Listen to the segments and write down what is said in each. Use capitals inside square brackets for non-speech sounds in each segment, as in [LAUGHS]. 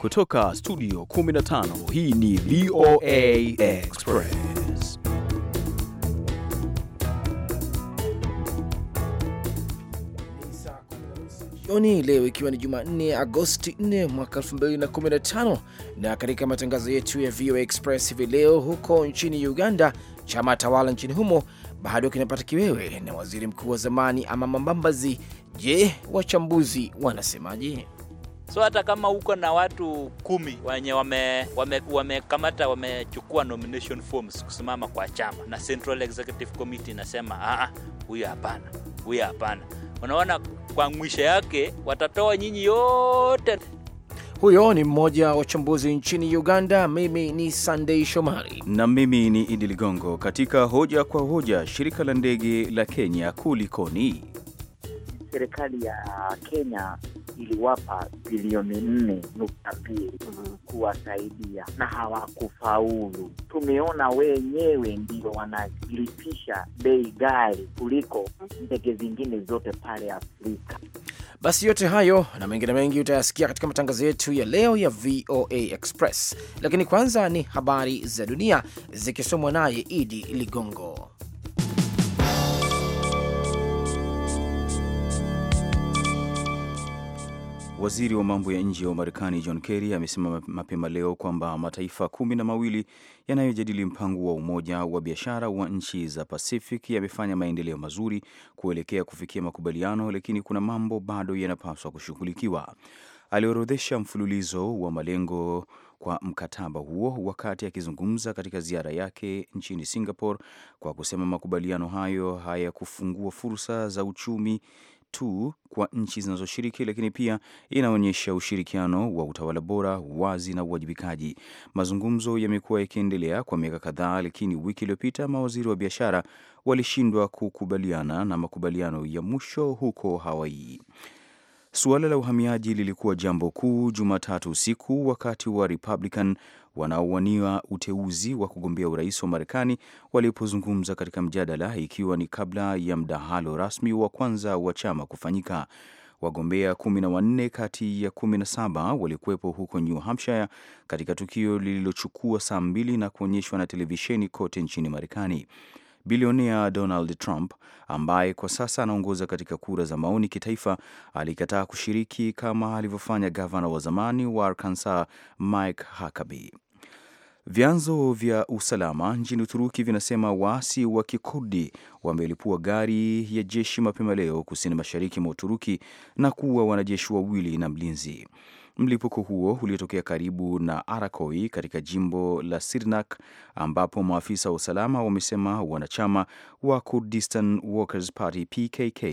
Kutoka studio 15 hii ni VOA Express. Jioni leo ikiwa ni Jumanne Agosti 4 mwaka 2015, na katika matangazo yetu ya VOA Express hivi leo, huko nchini Uganda, chama tawala nchini humo bado kinapata kiwewe na waziri mkuu wa zamani Amama Mbabazi. Je, wachambuzi wanasemaje? So hata kama uko na watu kumi wenye wamekamata wame, wame wamechukua nomination forms kusimama kwa chama na Central Executive Committee inasema ah, ah, huyo hapana, huyo hapana, unaona kwa mwisho yake watatoa nyinyi yote. Huyo ni mmoja wa wachambuzi nchini Uganda. Mimi ni Sunday Shomari na mimi ni Idi Ligongo. Katika hoja kwa hoja, shirika la ndege la Kenya kulikoni? Serikali ya Kenya iliwapa bilioni nne nukta mbili kuwasaidia na hawakufaulu. Tumeona wenyewe ndio wanalipisha bei ghali kuliko ndege zingine zote pale Afrika. Basi yote hayo na mengine mengi utayasikia katika matangazo yetu ya leo ya VOA Express, lakini kwanza ni habari za dunia zikisomwa naye Idi Ligongo. Waziri wa mambo ya nje wa Marekani John Kerry amesema mapema leo kwamba mataifa kumi na mawili yanayojadili mpango wa Umoja wa Biashara wa nchi za Pacific yamefanya maendeleo mazuri kuelekea kufikia makubaliano, lakini kuna mambo bado yanapaswa kushughulikiwa. Aliorodhesha mfululizo wa malengo kwa mkataba huo wakati akizungumza katika ziara yake nchini Singapore, kwa kusema makubaliano hayo hayakufungua fursa za uchumi tu kwa nchi zinazoshiriki, lakini pia inaonyesha ushirikiano wa utawala bora, wazi na uwajibikaji. Mazungumzo yamekuwa yakiendelea kwa miaka kadhaa, lakini wiki iliyopita mawaziri wa biashara walishindwa kukubaliana na makubaliano ya mwisho huko Hawaii. Suala la uhamiaji lilikuwa jambo kuu Jumatatu usiku wakati wa Republican wanaowania uteuzi wa kugombea urais wa Marekani walipozungumza katika mjadala, ikiwa ni kabla ya mdahalo rasmi wa kwanza wa chama kufanyika. Wagombea kumi na wanne kati ya kumi na saba walikuwepo huko New Hampshire katika tukio lililochukua saa mbili na kuonyeshwa na televisheni kote nchini Marekani. Bilionea Donald Trump ambaye kwa sasa anaongoza katika kura za maoni kitaifa, alikataa kushiriki kama alivyofanya gavana wa zamani wa Arkansas Mike Huckabee. Vyanzo vya usalama nchini Uturuki vinasema waasi wa Kikurdi wamelipua gari ya jeshi mapema leo kusini mashariki mwa Uturuki na kuua wanajeshi wawili na mlinzi. Mlipuko huo uliotokea karibu na Arakoi katika jimbo la Sirnak, ambapo maafisa wa usalama wamesema wanachama wa Kurdistan Workers Party PKK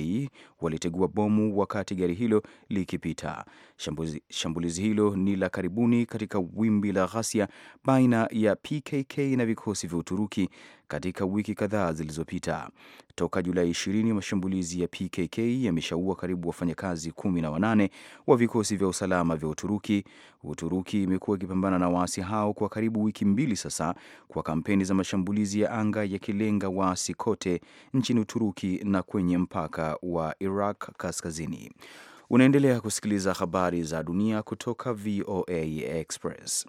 walitegua bomu wakati gari hilo likipita. Shambulizi, shambulizi hilo ni la karibuni katika wimbi la ghasia baina ya PKK na vikosi vya Uturuki katika wiki kadhaa zilizopita. Toka Julai 20 mashambulizi ya PKK yameshaua karibu wafanyakazi kumi na wanane wa vikosi vya usalama vya Uturuki. Uturuki imekuwa ikipambana na waasi hao kwa karibu wiki mbili sasa, kwa kampeni za mashambulizi ya anga yakilenga waasi kote nchini Uturuki na kwenye mpaka wa Iraq kaskazini. Unaendelea kusikiliza habari za dunia kutoka VOA Express.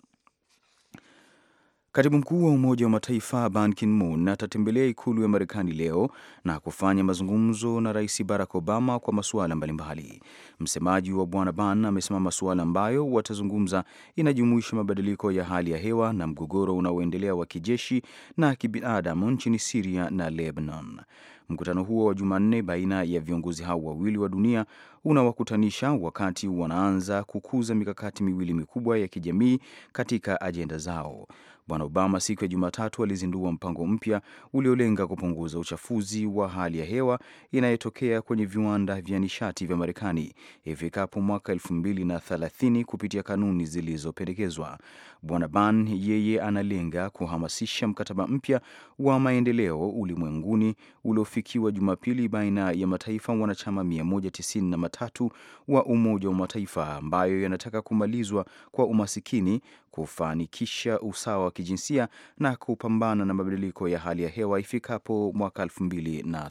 Katibu mkuu wa Umoja wa Mataifa Ban Ki-moon atatembelea ikulu ya Marekani leo na kufanya mazungumzo na Rais Barack Obama kwa masuala mbalimbali. Msemaji wa Bwana Ban amesema masuala ambayo watazungumza inajumuisha mabadiliko ya hali ya hewa na mgogoro unaoendelea wa kijeshi na kibinadamu nchini Siria na Lebanon. Mkutano huo wa Jumanne baina ya viongozi hao wawili wa dunia unawakutanisha wakati wanaanza kukuza mikakati miwili mikubwa ya kijamii katika ajenda zao. Bwana Obama siku ya Jumatatu alizindua mpango mpya uliolenga kupunguza uchafuzi wa hali ya hewa inayotokea kwenye viwanda vya nishati vya Marekani ifikapo mwaka 2030 kupitia kanuni zilizopendekezwa. Bwana Ban yeye analenga kuhamasisha mkataba mpya wa maendeleo ulimwenguni uliofikiwa Jumapili baina ya mataifa wanachama 193 matatu wa Umoja wa Mataifa ambayo yanataka kumalizwa kwa umasikini, kufanikisha usawa wa kijinsia na kupambana na mabadiliko ya hali ya hewa ifikapo mwaka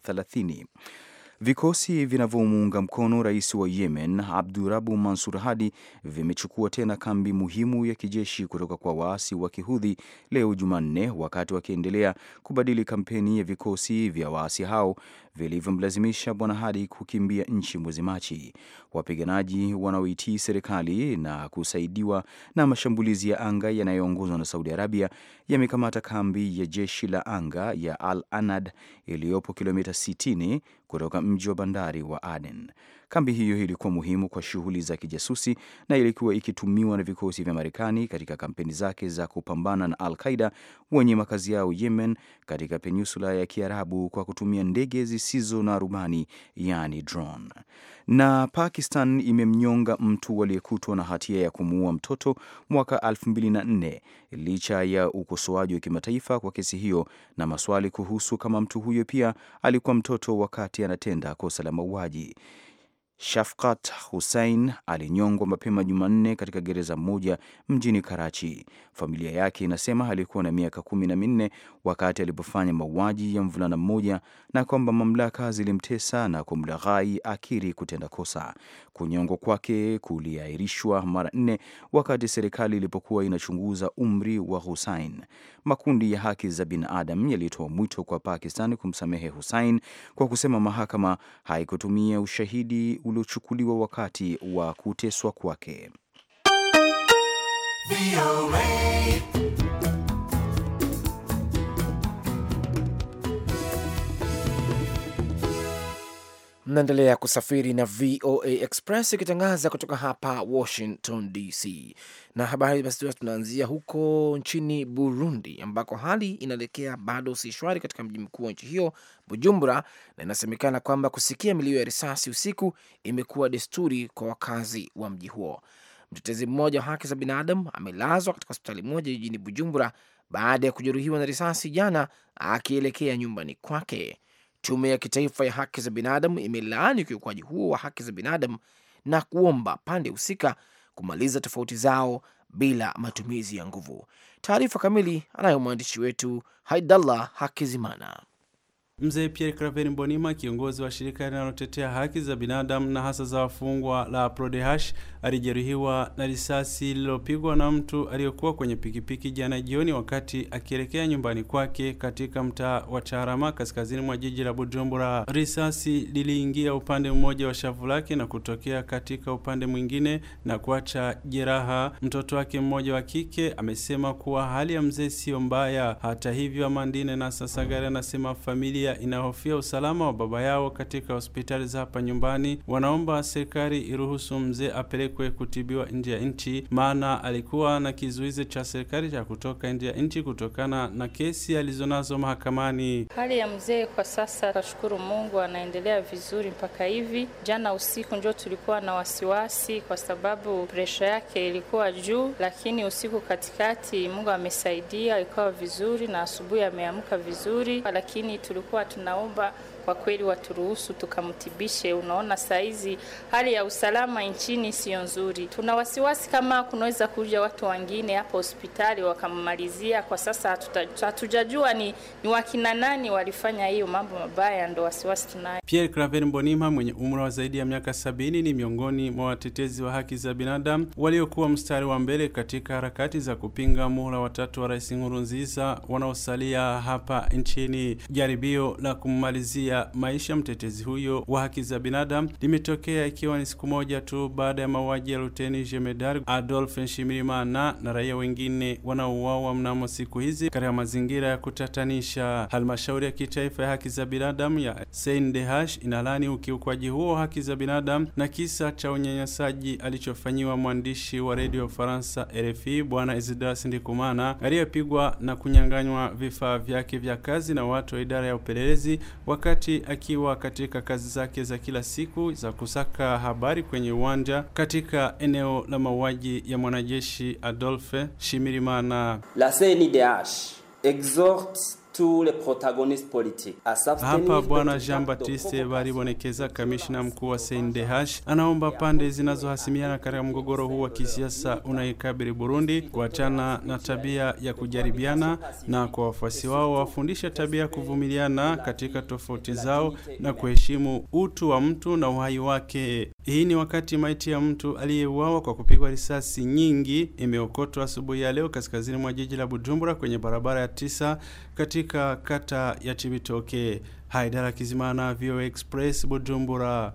thelathini. Vikosi vinavyomuunga mkono rais wa Yemen Abdurabu Mansur Hadi vimechukua tena kambi muhimu ya kijeshi kutoka kwa waasi wa Kihudhi leo Jumanne, wakati wakiendelea kubadili kampeni ya vikosi vya waasi hao vilivyomlazimisha Bwana Hadi kukimbia nchi mwezi Machi. Wapiganaji wanaoitii serikali na kusaidiwa na mashambulizi ya anga yanayoongozwa na Saudi Arabia yamekamata kambi ya jeshi la anga ya Al Anad iliyopo kilomita 60 kutoka mji wa bandari wa Aden. Kambi hiyo ilikuwa muhimu kwa shughuli za kijasusi na ilikuwa ikitumiwa na vikosi vya Marekani katika kampeni zake za kupambana na Al Qaida wenye makazi yao Yemen, katika peninsula ya Kiarabu kwa kutumia ndege zisizo na rubani, yani drone. Na Pakistan imemnyonga mtu aliyekutwa na hatia ya kumuua mtoto mwaka 2004 licha ya ukosoaji wa kimataifa kwa kesi hiyo na maswali kuhusu kama mtu huyo pia alikuwa mtoto wakati anatenda kosa la mauaji. Shafkat Hussein alinyongwa mapema Jumanne katika gereza moja mjini Karachi. Familia yake inasema alikuwa na miaka kumi na minne wakati alipofanya mauaji ya mvulana mmoja na kwamba mamlaka zilimtesa na kumlaghai akiri kutenda kosa. Kunyongwa kwake kuliahirishwa mara nne wakati serikali ilipokuwa inachunguza umri wa Hussein makundi ya haki za binadamu yalitoa mwito kwa Pakistan kumsamehe Hussein kwa kusema mahakama haikutumia ushahidi uliochukuliwa wakati wa kuteswa kwake. Mnaendelea kusafiri na VOA Express ikitangaza kutoka hapa Washington DC, na habari basi, tunaanzia huko nchini Burundi ambako hali inaelekea bado si shwari katika mji mkuu wa nchi hiyo Bujumbura, na inasemekana kwamba kusikia milio ya risasi usiku imekuwa desturi kwa wakazi wa mji huo. Mtetezi mmoja wa haki za binadamu amelazwa katika hospitali moja jijini Bujumbura baada ya kujeruhiwa na risasi jana akielekea nyumbani kwake. Tume ya Kitaifa ya Haki za Binadamu imelaani ukiukwaji huo wa haki za binadamu na kuomba pande husika kumaliza tofauti zao bila matumizi ya nguvu. Taarifa kamili anayo mwandishi wetu Haidallah Hakizimana. Mzee Pierre Claver Mbonima, kiongozi wa shirika linalotetea haki za binadamu na hasa za wafungwa la Prodehash, alijeruhiwa na risasi lililopigwa na mtu aliyekuwa kwenye pikipiki jana jioni wakati akielekea nyumbani kwake katika mtaa wa Charama kaskazini mwa jiji la Bujumbura. Risasi liliingia upande mmoja wa shavu lake na kutokea katika upande mwingine na kuacha jeraha. Mtoto wake mmoja wa kike amesema kuwa hali ya mzee siyo mbaya. Hata hivyo, Amandine na Sasagari anasema familia familia inahofia usalama wa baba yao katika hospitali za hapa nyumbani. Wanaomba serikali iruhusu mzee apelekwe kutibiwa nje ya nchi, maana alikuwa na kizuizi cha serikali cha kutoka nje ya nchi kutokana na kesi alizonazo mahakamani. Hali ya mzee kwa sasa, tashukuru Mungu, anaendelea vizuri mpaka hivi. Jana usiku njo tulikuwa na wasiwasi kwa sababu presha yake ilikuwa juu, lakini usiku katikati Mungu amesaidia, ikawa vizuri na asubuhi ameamka vizuri, lakini tulikuwa tulikuwa tunaomba kwa kweli waturuhusu tukamtibishe. Unaona saizi hali ya usalama nchini siyo nzuri, tuna wasiwasi kama kunaweza kuja watu wengine hapo hospitali wakammalizia Kwa sasa hatujajua ni, ni wakina nani walifanya hiyo mambo mabaya, ndo wasiwasi tunayo. Pierre Claver Mbonima mwenye umri wa zaidi ya miaka sabini ni miongoni mwa watetezi wa haki za binadamu waliokuwa mstari wa mbele katika harakati za kupinga muhula watatu wa Rais Nkurunziza wanaosalia hapa nchini, jaribio la kummalizia maisha mtetezi huyo wa haki za binadamu limetokea ikiwa ni siku moja tu baada ya mauaji ya Luteni Jemedari Adolf Nshimirimana na raia wengine wanaouawa mnamo siku hizi katika mazingira ya kutatanisha. Halmashauri ya kitaifa ya haki za binadamu ya CNDH inalani ukiukwaji huo wa haki za binadamu na kisa cha unyanyasaji alichofanyiwa mwandishi wa redio faransa RFI Bwana Isidore Sindikumana aliyepigwa na kunyang'anywa vifaa vyake vya kazi na watu wa idara ya upelelezi wakati wakati akiwa katika kazi zake za kila siku za kusaka habari kwenye uwanja katika eneo la mauaji ya mwanajeshi Adolphe Shimirimana. La CNDH exhorte hapa Bwana Jean Baptiste Baribonekeza, kamishna mkuu wa CNDH, anaomba pande zinazohasimiana katika mgogoro huu wa kisiasa unaikabili Burundi kuachana na tabia ya kujaribiana na kwa wafuasi wao wafundishe tabia ya kuvumiliana katika tofauti zao na kuheshimu utu wa mtu na uhai wake. Hii ni wakati maiti ya mtu aliyeuawa kwa kupigwa risasi nyingi imeokotwa asubuhi ya leo kaskazini mwa jiji la Bujumbura kwenye barabara ya tisa katika kata ya Chibitoke. Haidara Kizimana, VOA Express, Bujumbura.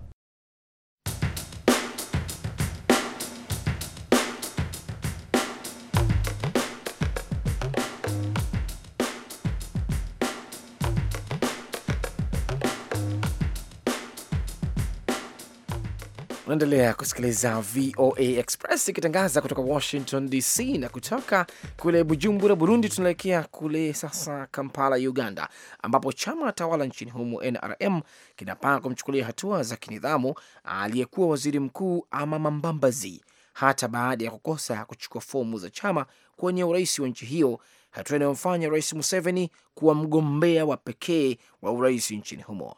Unaendelea kusikiliza VOA Express ikitangaza kutoka Washington DC na kutoka kule Bujumbura, Burundi. Tunaelekea kule sasa Kampala, Uganda, ambapo chama tawala nchini humo NRM kinapanga kumchukulia hatua za kinidhamu aliyekuwa waziri mkuu Amama Mbabazi hata baada ya kukosa kuchukua fomu za chama kwenye urais wa nchi hiyo, hatua inayomfanya Rais Museveni kuwa mgombea wa pekee wa urais nchini humo.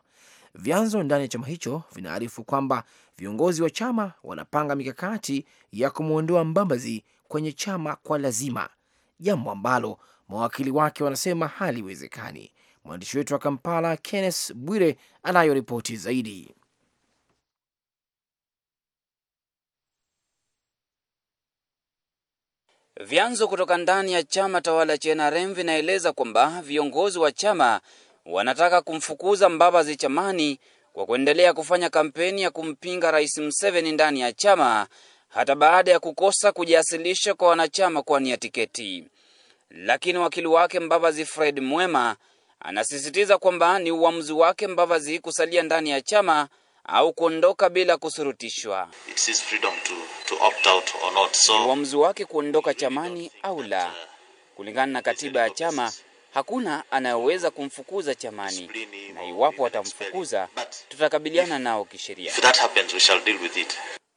Vyanzo ndani ya chama hicho vinaarifu kwamba viongozi wa chama wanapanga mikakati ya kumwondoa Mbabazi kwenye chama kwa lazima, jambo ambalo mawakili wake wanasema haliwezekani. Mwandishi wetu wa Kampala, Kenneth Bwire, anayo ripoti zaidi. Vyanzo kutoka ndani ya chama tawala cha NRM vinaeleza kwamba viongozi wa chama wanataka kumfukuza Mbabazi chamani kwa kuendelea kufanya kampeni ya kumpinga Rais Museveni ndani ya chama hata baada ya kukosa kujiasilisha kwa wanachama nia tiketi. Lakini wakili wake Mbavazi Fred Mwema anasisitiza kwamba ni uamuzi wake Mbavazi kusalia ndani ya chama au kuondoka bila kusurutishwa. Ni uamuzi wake kuondoka chamani au la. Uh, Kulingana na katiba ya chama Hakuna anayeweza kumfukuza Chamani, na iwapo watamfukuza tutakabiliana nao kisheria.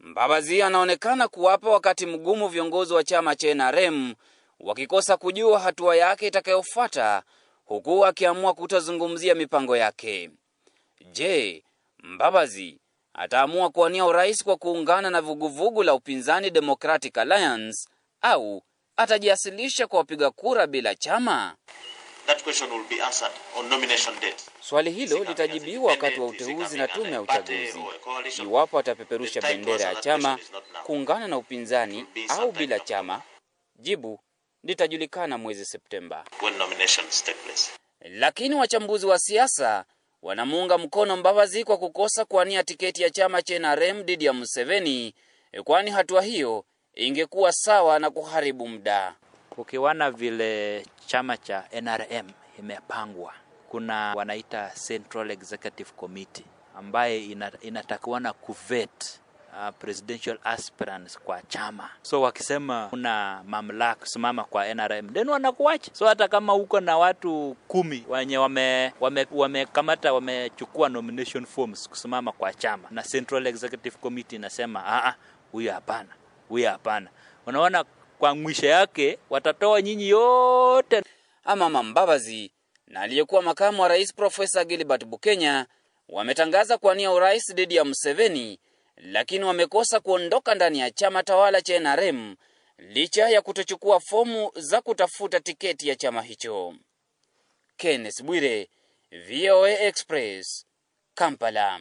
Mbabazi anaonekana kuwapa wakati mgumu viongozi wa chama cha NRM wakikosa kujua hatua yake itakayofuata, huku akiamua kutozungumzia mipango yake. Je, Mbabazi ataamua kuwania urais kwa kuungana na vuguvugu la upinzani Democratic Alliance au atajiasilisha kwa wapiga kura bila chama? That question will be answered on nomination date. Swali hilo litajibiwa wakati wa uteuzi na tume ya uchaguzi, iwapo atapeperusha bendera ya chama kuungana na upinzani au bila chama. Jibu litajulikana mwezi Septemba. Lakini wachambuzi wa siasa wanamuunga mkono Mbabazi kwa kukosa kuania tiketi ya chama cha NRM dhidi ya Museveni, kwani hatua hiyo ingekuwa sawa na kuharibu muda. Ukiona vile chama cha NRM imepangwa, kuna wanaita Central Executive Committee ambaye inatakiwa kuvet uh, presidential aspirants kwa chama. So wakisema kuna mamlaka kusimama kwa NRM, then wanakuacha. So hata kama uko na watu kumi wenye wamekamata wame, wame wamechukua nomination forms kusimama kwa chama, na Central Executive Committee inasema a ah, a, ah, huyu hapana, huyu hapana, unaona kwa mwisho yake watatoa nyinyi yote. Amama Mbabazi na aliyekuwa makamu wa rais Profesa Gilbert Bukenya wametangaza kuwania urais dhidi ya Museveni, lakini wamekosa kuondoka ndani ya chama tawala cha NRM licha ya kutochukua fomu za kutafuta tiketi ya chama hicho. Kenneth Bwire, VOA Express, Kampala.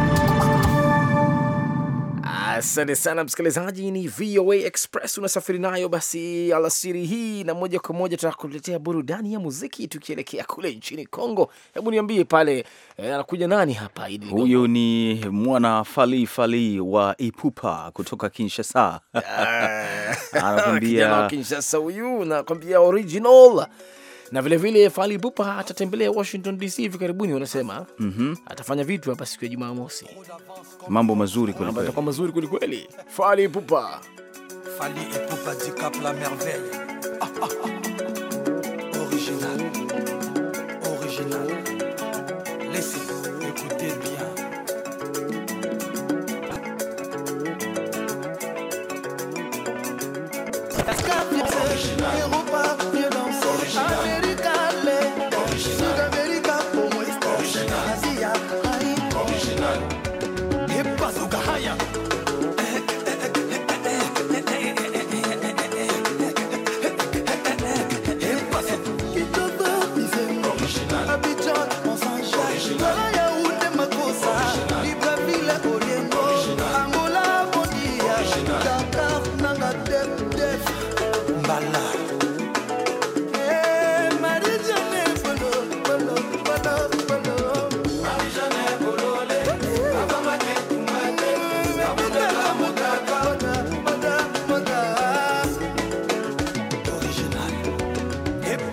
Asante sana msikilizaji, ni VOA Express unasafiri nayo basi alasiri hii, na moja kwa moja tutakuletea burudani ya muziki tukielekea kule nchini Kongo. Hebu niambie pale, eh, anakuja nani hapa? Idi, huyu ni mwana fali fali wa Ipupa kutoka Kinshasa. Ah, [LAUGHS] Anakuambia [LAUGHS] Kinshasa huyu, nakwambia original na vilevile Fali Ipupa atatembelea Washington DC hivi karibuni, wanasema mm -hmm. atafanya vitu hapa siku ya Jumamosi. Mambo mazuri kweli kweli, mazuri kweli kweli. Fali Ipupa, Ipupa du Cap la Merveille, [LAUGHS] original original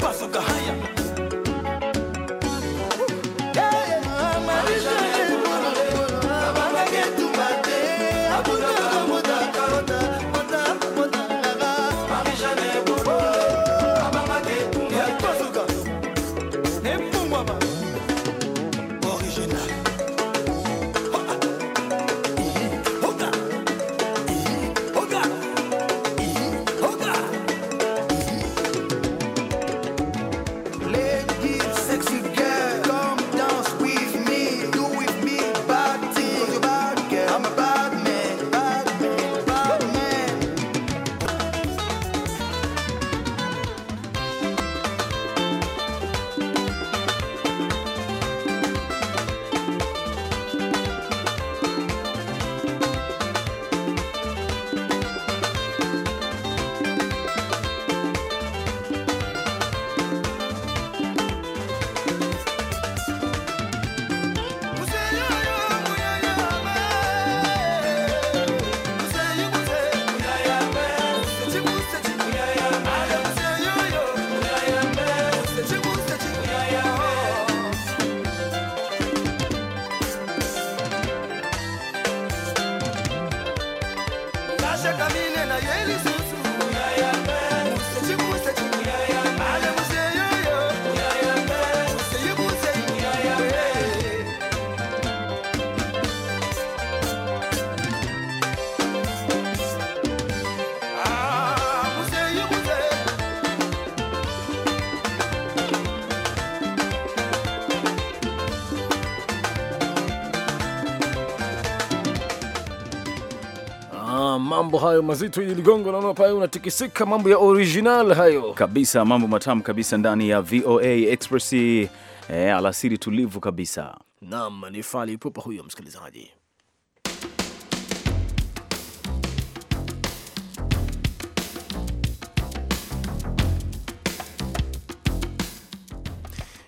Motherfucker, higher. Ah, mambo hayo mazito ili ligongo, naona pale unatikisika. Mambo ya original hayo kabisa, mambo matamu kabisa ndani ya VOA Express eh, alasiri tulivu kabisa. Naam, ni Fali Pupa huyo msikilizaji.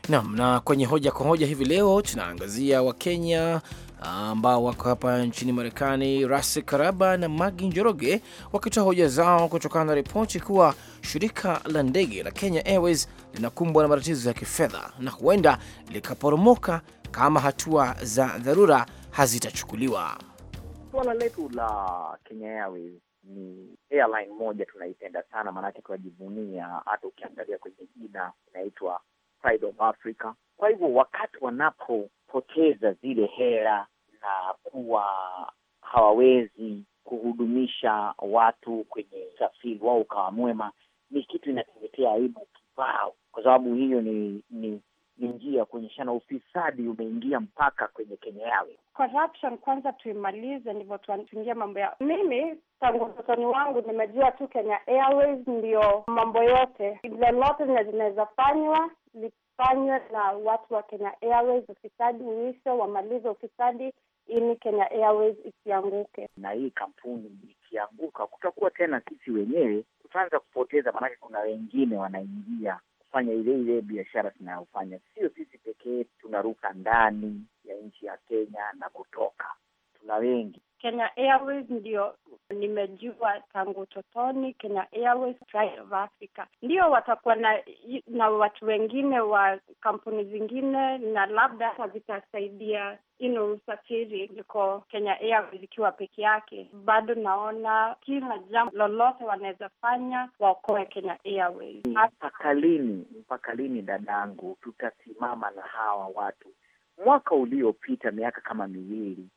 Naam, na kwenye hoja kwa hoja hivi leo tunaangazia Wakenya ambao wako hapa nchini Marekani, Rasi Karaba na Magi Njoroge wakitoa hoja zao kutokana na ripoti kuwa shirika la ndege la Kenya Airways linakumbwa na matatizo ya kifedha na huenda likaporomoka kama hatua za dharura hazitachukuliwa. Suala letu la Kenya Airways ni airline moja tunaipenda sana, maanake tunajivunia. Hata ukiangalia kwenye jina inaitwa Pride of Africa. Kwa hivyo wakati wanapopoteza zile hela na kuwa hawawezi kuhudumisha watu kwenye usafiri wao ukawa mwema, ni kitu inatuletea aibu kibao, kwa sababu hiyo ni ni ni njia ya kuonyeshana ufisadi umeingia mpaka kwenye Kenya yawe Corruption kwanza tuimalize, ndivyo tuingia mambo ya Mimi tangu utotoni wangu nimejua tu Kenya Airways ndio mambo yote, lolote zinaweza fanywa lifanywe na watu wa Kenya Airways ufisadi uisho, wamalize ufisadi ili Kenya Airways isianguke. Na hii kampuni ikianguka, kutakuwa tena sisi wenyewe tutaanza kupoteza, maanake kuna wengine wanaingia kufanya ile ile biashara tunayofanya. Sio sisi pekee tunaruka ndani ya nchi ya Kenya na kutoka, tuna wengi. Kenya Airways ndio nimejua tangu utotoni. Kenya Airways, Pride of Africa, ndio watakuwa na, na watu wengine wa kampuni zingine, na labda hata zitasaidia ino usafiri kuliko Kenya Airways ikiwa peke yake. Bado naona kila jambo lolote wanaweza fanya waokoe Kenya Airways. Mpaka lini? Mpaka lini dadangu, tutasimama na hawa watu? Mwaka uliopita miaka kama miwili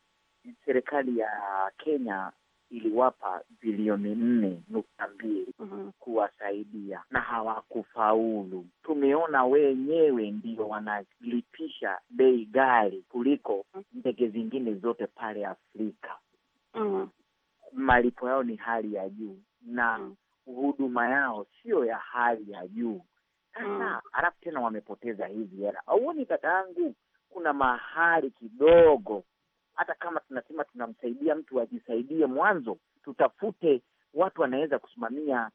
serikali ya Kenya iliwapa bilioni nne nukta mbili mm -hmm. kuwasaidia na hawakufaulu. Tumeona wenyewe ndio wanalipisha bei ghali kuliko ndege zingine zote pale Afrika. mm -hmm. Malipo yao ni hali ya juu na mm -hmm. huduma yao siyo ya hali ya juu sasa. mm -hmm. Halafu tena wamepoteza hizi hela. Auoni kaka kuna mahali kidogo hata kama tunasema tunamsaidia mtu ajisaidie mwanzo, tutafute watu wanaweza kusimamia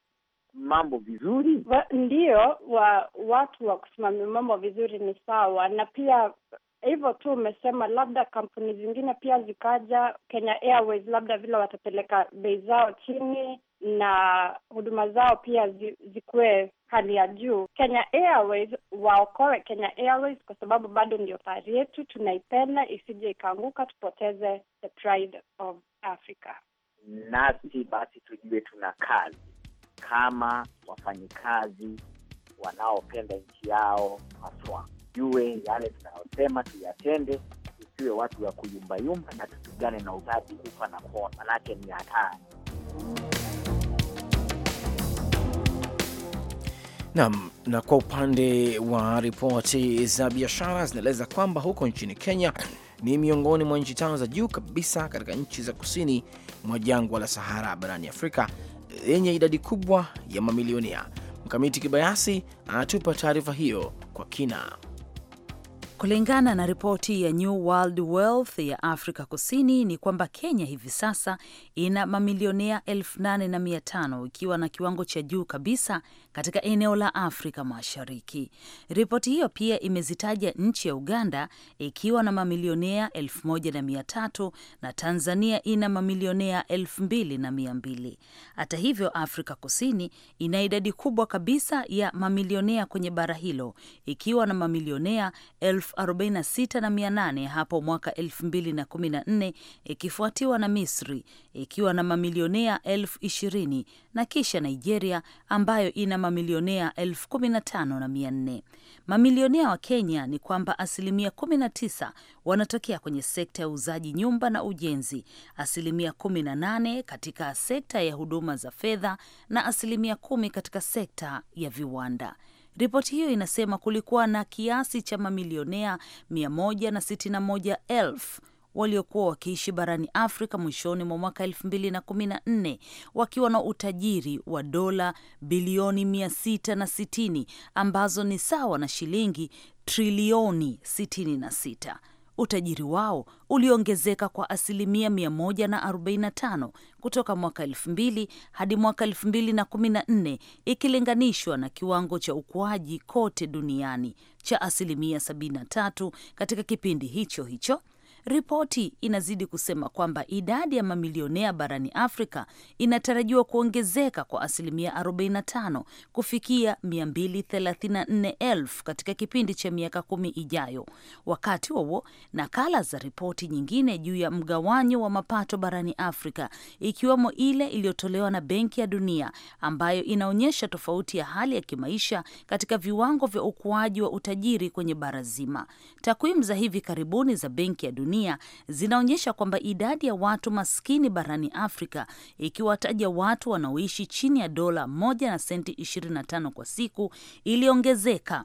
mambo vizuri. Wa, ndio wa, watu wa kusimamia mambo vizuri ni sawa, na pia hivyo tu umesema, labda kampuni zingine pia zikaja, Kenya Airways, labda vile watapeleka bei zao chini na huduma zao pia zikuwe hali ya juu. Kenya Airways waokoe Kenya Airways kwa sababu bado ndio fahari yetu, tunaipenda, isije ikaanguka tupoteze the pride of Africa. Nasi basi tujue tuna kazi kama wafanyikazi wanaopenda nchi yao haswa, jue yale tunayosema tuyatende, tusiwe watu wa kuyumbayumba na tupigane na ubabi, kufa na kona, manake ni hatari. Nam. Na kwa upande wa ripoti za biashara zinaeleza kwamba huko nchini Kenya ni miongoni mwa nchi tano za juu kabisa katika nchi za kusini mwa jangwa la Sahara barani Afrika yenye idadi kubwa ya mamilionia. Mkamiti Kibayasi anatupa taarifa hiyo kwa kina. Kulingana na ripoti ya New World Wealth ya Afrika Kusini ni kwamba Kenya hivi sasa ina mamilionea 85 ikiwa na kiwango cha juu kabisa katika eneo la Afrika Mashariki. Ripoti hiyo pia imezitaja nchi ya Uganda ikiwa na mamilionea 13 na Tanzania ina mamilionea 22 Hata hivyo, Afrika Kusini ina idadi kubwa kabisa ya mamilionea kwenye bara hilo ikiwa na mamilionea elfu 46 hapo mwaka 2014 ikifuatiwa na Misri ikiwa na mamilionea elfu 20 na kisha Nigeria ambayo ina mamilionea elfu 15 na Mamilionea wa Kenya ni kwamba asilimia 19 wanatokea kwenye sekta ya uuzaji nyumba na ujenzi, asilimia 18 katika sekta ya huduma za fedha na asilimia kumi katika sekta ya viwanda. Ripoti hiyo inasema kulikuwa na kiasi cha mamilionea 161,000 waliokuwa wakiishi barani Afrika mwishoni mwa mwaka 2014 wakiwa na utajiri wa dola bilioni 660 ambazo ni sawa na shilingi trilioni 66 utajiri wao uliongezeka kwa asilimia 145 kutoka mwaka 2000 hadi mwaka 2014 ikilinganishwa na kiwango cha ukuaji kote duniani cha asilimia 73 katika kipindi hicho hicho Ripoti inazidi kusema kwamba idadi ya mamilionea barani Afrika inatarajiwa kuongezeka kwa asilimia 45 kufikia 234,000 katika kipindi cha miaka kumi ijayo. Wakati huo nakala za ripoti nyingine juu ya mgawanyo wa mapato barani Afrika, ikiwemo ile iliyotolewa na Benki ya Dunia ambayo inaonyesha tofauti ya hali ya kimaisha katika viwango vya ukuaji wa utajiri kwenye bara zima. Takwimu za hivi karibuni za Benki ya Dunia dunia zinaonyesha kwamba idadi ya watu maskini barani Afrika, ikiwataja watu wanaoishi chini ya dola moja na senti 25 kwa siku, iliongezeka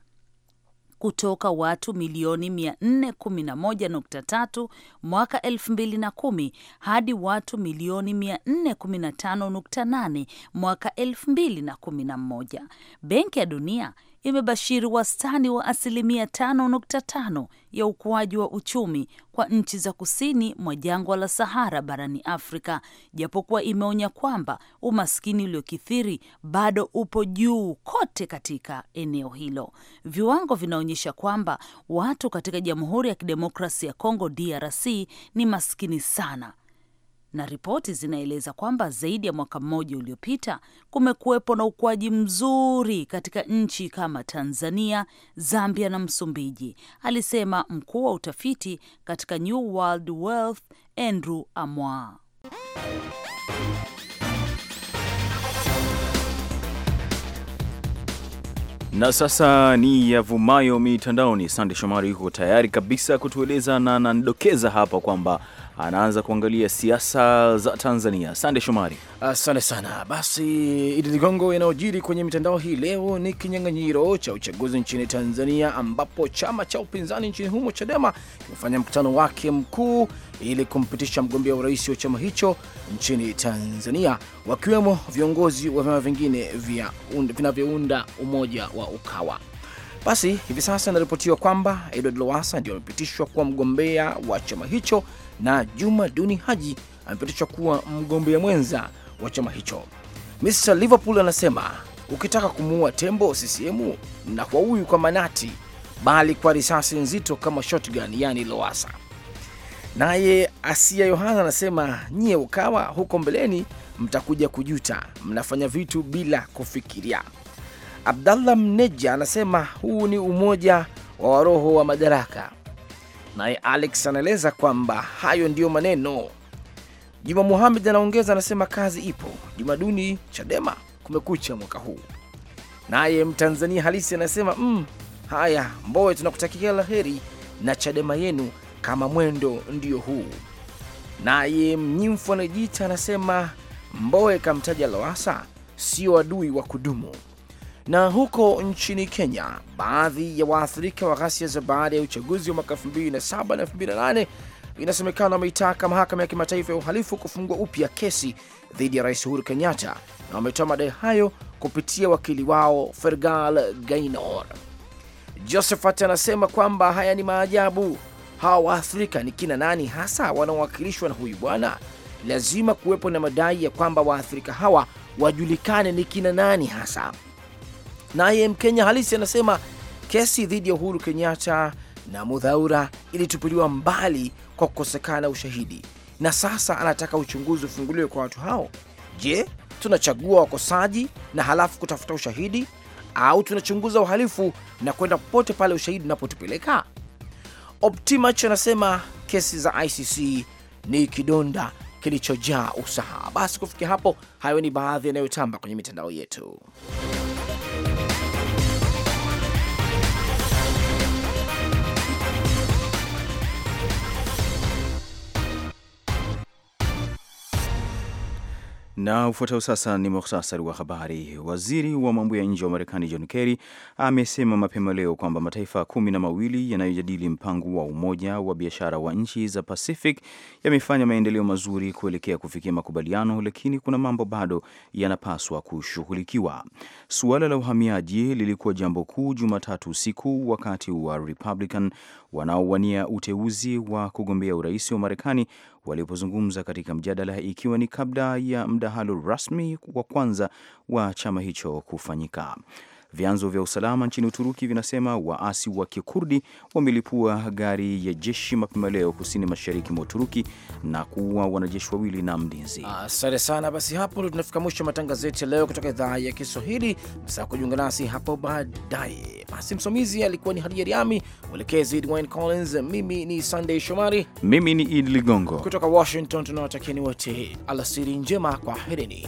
kutoka watu milioni 411.3 mwaka 2010 hadi watu milioni 415.8 mwaka 2011. Benki ya Dunia imebashiri wastani wa asilimia 5.5 ya ukuaji wa uchumi kwa nchi za kusini mwa jangwa la Sahara barani Afrika, japokuwa imeonya kwamba umaskini uliokithiri bado upo juu kote katika eneo hilo. Viwango vinaonyesha kwamba watu katika Jamhuri ya Kidemokrasia ya Kongo DRC ni maskini sana na ripoti zinaeleza kwamba zaidi ya mwaka mmoja uliopita kumekuwepo na ukuaji mzuri katika nchi kama Tanzania, Zambia na Msumbiji, alisema mkuu wa utafiti katika New World Wealth Andrew Amwa. Na sasa ni yavumayo mitandaoni. Sande Shomari yuko tayari kabisa kutueleza na anadokeza hapa kwamba anaanza kuangalia siasa za Tanzania. Sande Shomari, asante sana. Basi Idi Ligongo, yanayojiri kwenye mitandao hii leo ni kinyang'anyiro cha uchaguzi nchini Tanzania, ambapo chama cha upinzani nchini humo Chadema kimefanya mkutano wake mkuu ili kumpitisha mgombea urais wa chama hicho nchini Tanzania, wakiwemo viongozi wa vyama vingine vinavyounda umoja wa UKAWA. Basi hivi sasa inaripotiwa kwamba Edward lowasa ndio amepitishwa kuwa mgombea wa chama hicho na Juma Duni Haji amepitishwa kuwa mgombea mwenza wa chama hicho. Mr Liverpool anasema ukitaka kumuua tembo CCM na kwa huyu kwa manati, bali kwa risasi nzito kama shotgun, yani loasa. Naye Asia Yohana anasema nyie ukawa huko mbeleni mtakuja kujuta, mnafanya vitu bila kufikiria. Abdallah Mneja anasema huu ni umoja wa waroho wa madaraka Naye Alex anaeleza kwamba hayo ndiyo maneno. Juma Muhamed anaongeza anasema, kazi ipo Jumaduni Chadema kumekucha mwaka huu. Naye Mtanzania halisi anasema mm, haya Mbowe, tunakutakia la heri na Chadema yenu kama mwendo ndio huu. Naye Mnyimfu anajiita anasema Mbowe kamtaja Lowasa sio adui wa kudumu. Na huko nchini Kenya, baadhi ya waathirika wa ghasia za baada ya uchaguzi wa mwaka 2007 na 2008 inasemekana wameitaka mahakama ya kimataifa ya uhalifu kufungua upya kesi dhidi ya Rais Uhuru Kenyatta, na wametoa madai hayo kupitia wakili wao Fergal gainor Josephat anasema kwamba haya ni maajabu. Hawa waathirika ni kina nani hasa wanaowakilishwa na huyu bwana? Lazima kuwepo na madai ya kwamba waathirika hawa wajulikane ni kina nani hasa. Naye Mkenya halisi anasema kesi dhidi ya Uhuru Kenyatta na Mudhaura ilitupiliwa mbali kwa kukosekana ushahidi, na sasa anataka uchunguzi ufunguliwe kwa watu hao. Je, tunachagua wakosaji na halafu kutafuta ushahidi au tunachunguza uhalifu na kwenda popote pale ushahidi unapotupeleka? Optimach anasema kesi za ICC ni kidonda kilichojaa usaha. Basi kufikia hapo, hayo ni baadhi yanayotamba kwenye mitandao yetu. Na ufuatao sasa ni muhtasari wa habari. Waziri wa mambo ya nje wa Marekani John Kerry amesema mapema leo kwamba mataifa kumi na mawili yanayojadili mpango wa umoja wa biashara wa nchi za Pacific yamefanya maendeleo mazuri kuelekea kufikia makubaliano, lakini kuna mambo bado yanapaswa kushughulikiwa. Suala la uhamiaji lilikuwa jambo kuu Jumatatu usiku wakati wa Republican wanaowania uteuzi wa kugombea urais wa Marekani walipozungumza katika mjadala, ikiwa ni kabla ya mdahalo rasmi wa kwanza wa chama hicho kufanyika. Vyanzo vya usalama nchini Uturuki vinasema waasi wa kikurdi wamelipua gari ya jeshi mapema leo kusini mashariki mwa Uturuki na kuua wanajeshi wawili na mlinzi. Asante sana. Basi hapo ndo tunafika mwisho matangazo yetu ya leo kutoka idhaa ya Kiswahili. Msaa kujiunga nasi hapo baadaye. Basi msimamizi alikuwa ni Hadija Riami, mwelekezi Dwayne Collins, mimi ni Sunday Shomari, mimi ni Idi Ligongo kutoka Washington. Tunawatakieni wote alasiri njema, kwaherini.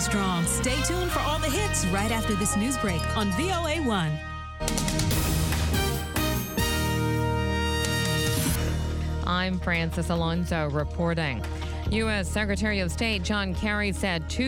Strong. Stay tuned for all the hits right after this news break on VOA 1. I'm Francis Alonso reporting. U.S. Secretary of State John Kerry said two